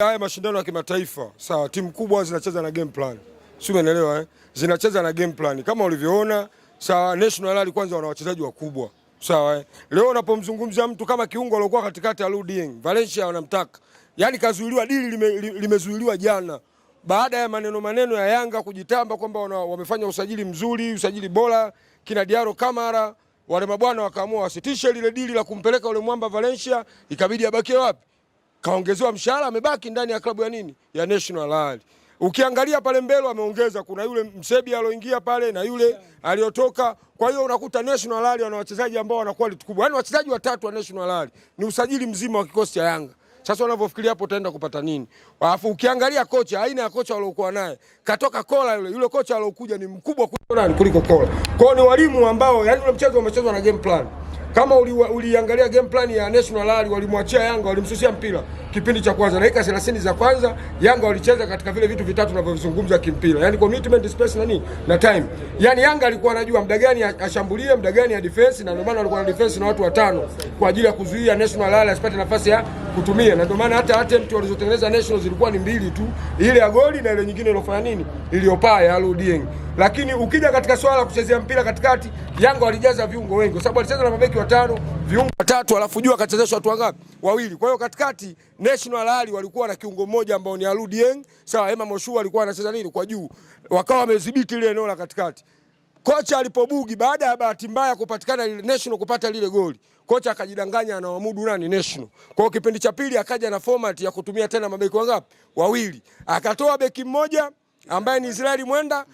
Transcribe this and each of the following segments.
Haya mashindano ya kimataifa sawa, timu kubwa zinacheza na game plan, si umeelewa eh? Zinacheza na game plan kama ulivyoona sawa. National Rally kwanza wana wachezaji wakubwa sawa eh? Leo unapomzungumzia mtu kama kiungo aliyokuwa katikati ya Ludien Valencia wanamtaka yani, kazuiliwa dili limezuiliwa lime jana, baada ya maneno maneno ya Yanga kujitamba kwamba wamefanya usajili mzuri, usajili bora kina Diaro Kamara, wale mabwana wakaamua wasitishe lile dili la kumpeleka ule mwamba Valencia, ikabidi abakie wapi kaongezewa mshahara, amebaki ndani ya klabu ya nini ya National Rally. Ukiangalia pale mbele ameongeza, kuna yule Msebi aloingia pale na yule aliyotoka. Kwa hiyo unakuta National Rally wana wachezaji ambao wana quality kubwa, yani wachezaji watatu wa National Rally ni usajili mzima wa kikosi cha Yanga. Sasa wanavyofikiria hapo utaenda kupata nini? Alafu ukiangalia kocha, aina ya kocha waliokuwa naye, katoka Kola yule yule, kocha aliokuja ni mkubwa kuliko nani, kuliko Kola. Kwao ni walimu ambao, yani ule mchezo umechezwa na game plan. Kama uliangalia game plan ya National Rally, walimwachia Yanga, walimsusia mpira kipindi cha kwanza, dakika 30 za kwanza Yanga walicheza katika vile vitu vitatu tunavyozungumza kimpira, yani commitment, space na nini na time. Yani Yanga alikuwa anajua muda gani ashambulie, muda gani ya defense, na ndio maana walikuwa na defense na watu watano kwa ajili ya kuzuia National Lala asipate nafasi ya kutumia, na ndio maana hata attempt walizotengeneza National zilikuwa ni mbili tu, ile ya goli na ile nyingine ilofanya nini, iliyopaa ya Alou Dieng. Lakini ukija katika swala la kuchezea mpira katikati, Yanga walijaza viungo wengi, kwa sababu walicheza na mabeki watano viungo watatu, alafu juu akachezeshwa watu wangapi? Wawili. Kwa hiyo katikati National Ali walikuwa na kiungo mmoja ambao ni Alou Dieng, sawa. Emma Moshu alikuwa anacheza nini kwa juu, wakawa wamedhibiti ile eneo la katikati. Kocha alipobugi baada ya bahati mbaya kupatikana ile National kupata lile goli, kocha akajidanganya na anaamudu nani National. Kwa hiyo kipindi cha pili akaja na format ya kutumia tena mabeki wangapi? Wawili. Akatoa beki mmoja ambaye ni Israeli Mwenda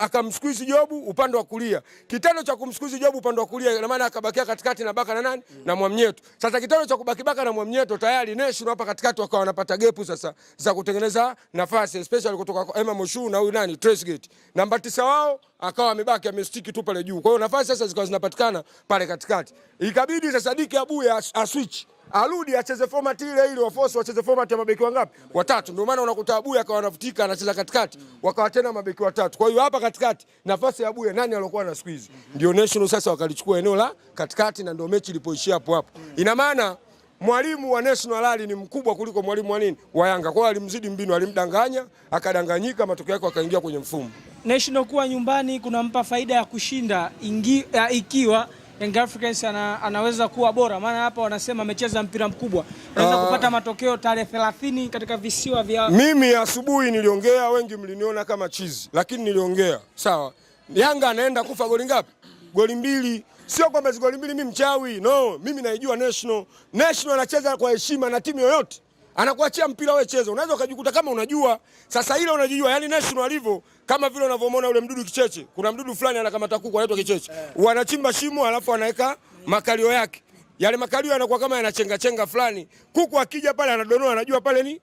akamsikuizi aka Jobu upande wa kulia. Kitendo cha kumsikuizi Jobu upande wa kulia ina maana akabakia katikati na baka na nani Mm. na Mwamnyeto. Sasa kitendo cha kubaki baka na Mwamnyeto tayari Nation hapa katikati wakawa wanapata gepu sasa za kutengeneza nafasi especially kutoka kwa Emma Moshu na huyu nani Tresgate. Namba tisa wao akawa amebaki amestiki tu pale juu. Kwa hiyo nafasi sasa zikawa zinapatikana pale katikati. Ikabidi sasa Diki Abuya aswitch as arudi acheze format ile ile, wafosi wacheze format ya mabeki wangapi? Watatu. Ndio maana unakuta Abuya akawa anavutika anacheza katikati, wakawa tena mabeki watatu. Kwa hiyo hapa katikati nafasi ya Abuya nani aliyokuwa na squeeze? Ndio National sasa wakalichukua eneo la katikati, na ndio mechi ilipoishia hapo hapo. Ina maana mwalimu wa National Rally ni mkubwa kuliko mwalimu wa nini wa Yanga. Kwa hiyo alimzidi mbinu, alimdanganya, akadanganyika, matokeo yake akaingia kwenye mfumo. National kuwa nyumbani kunampa faida ya kushinda ingi, ya ikiwa Young Africans ana, anaweza kuwa bora, maana hapa wanasema amecheza mpira mkubwa, anaweza uh, ah. kupata matokeo tarehe 30 katika visiwa vya. Mimi asubuhi niliongea, wengi mliniona kama chizi, lakini niliongea sawa. Yanga anaenda kufa goli ngapi? Goli mbili. Sio kwamba goli mbili mimi mchawi, no. Mimi naijua national, national anacheza kwa heshima na timu yoyote anakuachia mpira wewe cheza. Unaweza ukajikuta kama unajua sasa ile unajijua, yani national alivyo kama vile unavyomona ule mdudu kicheche. Kuna mdudu fulani anakamata kuku anaitwa kicheche, eh. wanachimba shimo alafu anaweka makalio yake. Yale makalio yanakuwa kama yanachenga chenga fulani, kuku akija pale anadonoa, anajua pale ni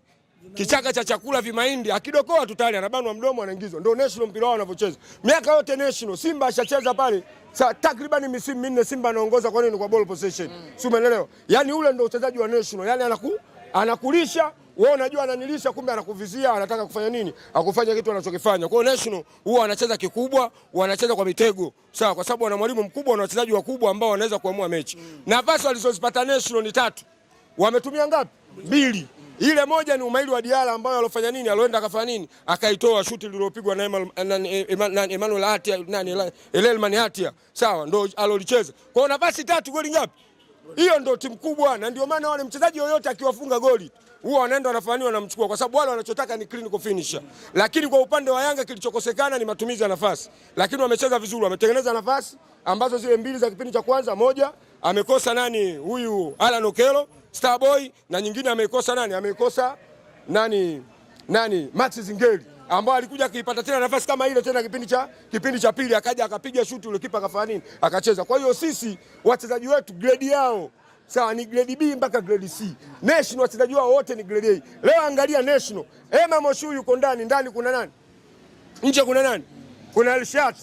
kichaka cha chakula vimahindi, akidokoa tu tayari anabanwa mdomo, anaingizwa. Ndio national mpira wao wanavyocheza miaka yote. National Simba ashacheza pale sa takriban misimu minne, Simba anaongoza. Kwa nini? Kwa ball possession, mm. si umeelewa? Yani ule ndio uchezaji wa national, yani anaku anakulisha wewe unajua ananilisha, kumbe anakuvizia, anataka kufanya nini? Akufanya kitu anachokifanya. Kwa hiyo National huwa anacheza kikubwa, wanacheza kwa mitego. Sawa, kwa sababu wana mwalimu mkubwa na wachezaji wakubwa ambao wanaweza kuamua mechi. Mm. Nafasi walizozipata National ni tatu. Wametumia ngapi? Mbili. Mm. Ile moja ni umaili wa Diala ambayo alofanya nini? alioenda akafanya nini? Akaitoa shuti lililopigwa na Emmanuel Atia, nani Elelman Atia, Sawa, ndio alolicheza. Kwa hiyo nafasi tatu, goli ngapi? Hiyo ndio timu kubwa, na ndio maana wale mchezaji yoyote akiwafunga goli huwa wanaenda wanafaniwa, wanamchukua kwa sababu wale wanachotaka ni clinical finisher. Lakini kwa upande wa Yanga kilichokosekana ni matumizi ya nafasi, lakini wamecheza vizuri, wametengeneza nafasi ambazo zile mbili za kipindi cha kwanza, moja amekosa nani huyu Alan Okelo Starboy, na nyingine ameikosa nani, ameikosa nani nani Max Zingeli ambao alikuja kuipata tena nafasi kama ile tena kipindi cha kipindi cha pili akaja akapiga shuti ule kipa akafanya nini akacheza. Kwa hiyo sisi wachezaji wetu grade yao sawa ni grade B mpaka grade C. National wachezaji wao wote ni grade A. Leo angalia National, Emma Moshu yuko ndani, ndani kuna nani? Nje kuna nani? Kuna Elshat.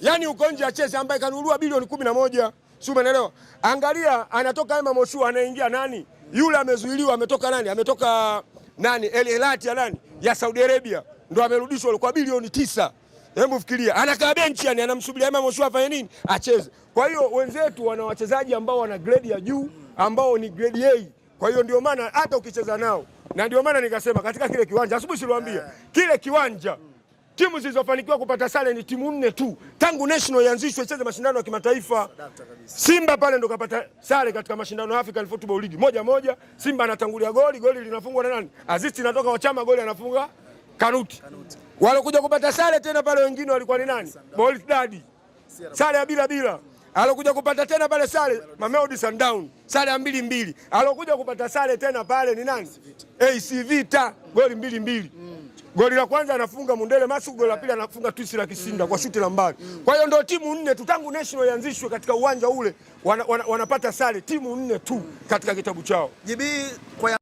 Yaani uko nje acheze ambaye kanunua bilioni 11. Sio, umeelewa? Angalia anatoka Emma Moshu anaingia nani? Yule amezuiliwa ametoka nani? Ametoka nani? El Hilal ya nani? Ya Saudi Arabia ndo amerudishwa, kwa bilioni tisa. Hebu fikiria, anakaa benchi yani, anamsubiria Emma Mosua afanye nini? Acheze. Kwa hiyo wenzetu wana wachezaji ambao wana grade ya juu ambao ni grade A. Kwa hiyo ndio maana hata ukicheza nao, na ndio maana nikasema katika kile kiwanja asubuhi siliwaambia eh. kile kiwanja timu zilizofanikiwa kupata sare ni timu nne tu tangu national ianzishwe icheze mashindano ya kimataifa. Simba pale ndo kapata sare katika mashindano ya African Football League moja moja. Simba anatangulia goli, goli linafungwa na nani? Azizi wa chama, goli anafunga Kanuti, Kanuti. Walokuja kupata sare tena pale wengine walikuwa ni nani? Boris Dadi. Sare ya bila bila. Alokuja kupata tena pale sare Mamelodi Sundown. Sare ya mbili mbili. Alokuja kupata sare tena pale ni nani? AC Vita goli mbili mbili. Mm. Goli la kwanza anafunga Mundele Masu, goli la pili anafunga Twisi la Kisinda kwa shuti la mbali. Mm. Kwa hiyo ndio timu nne tu tangu national ianzishwe katika uwanja ule wanapata wana, wana sare timu nne tu katika kitabu chao. Jibii kwa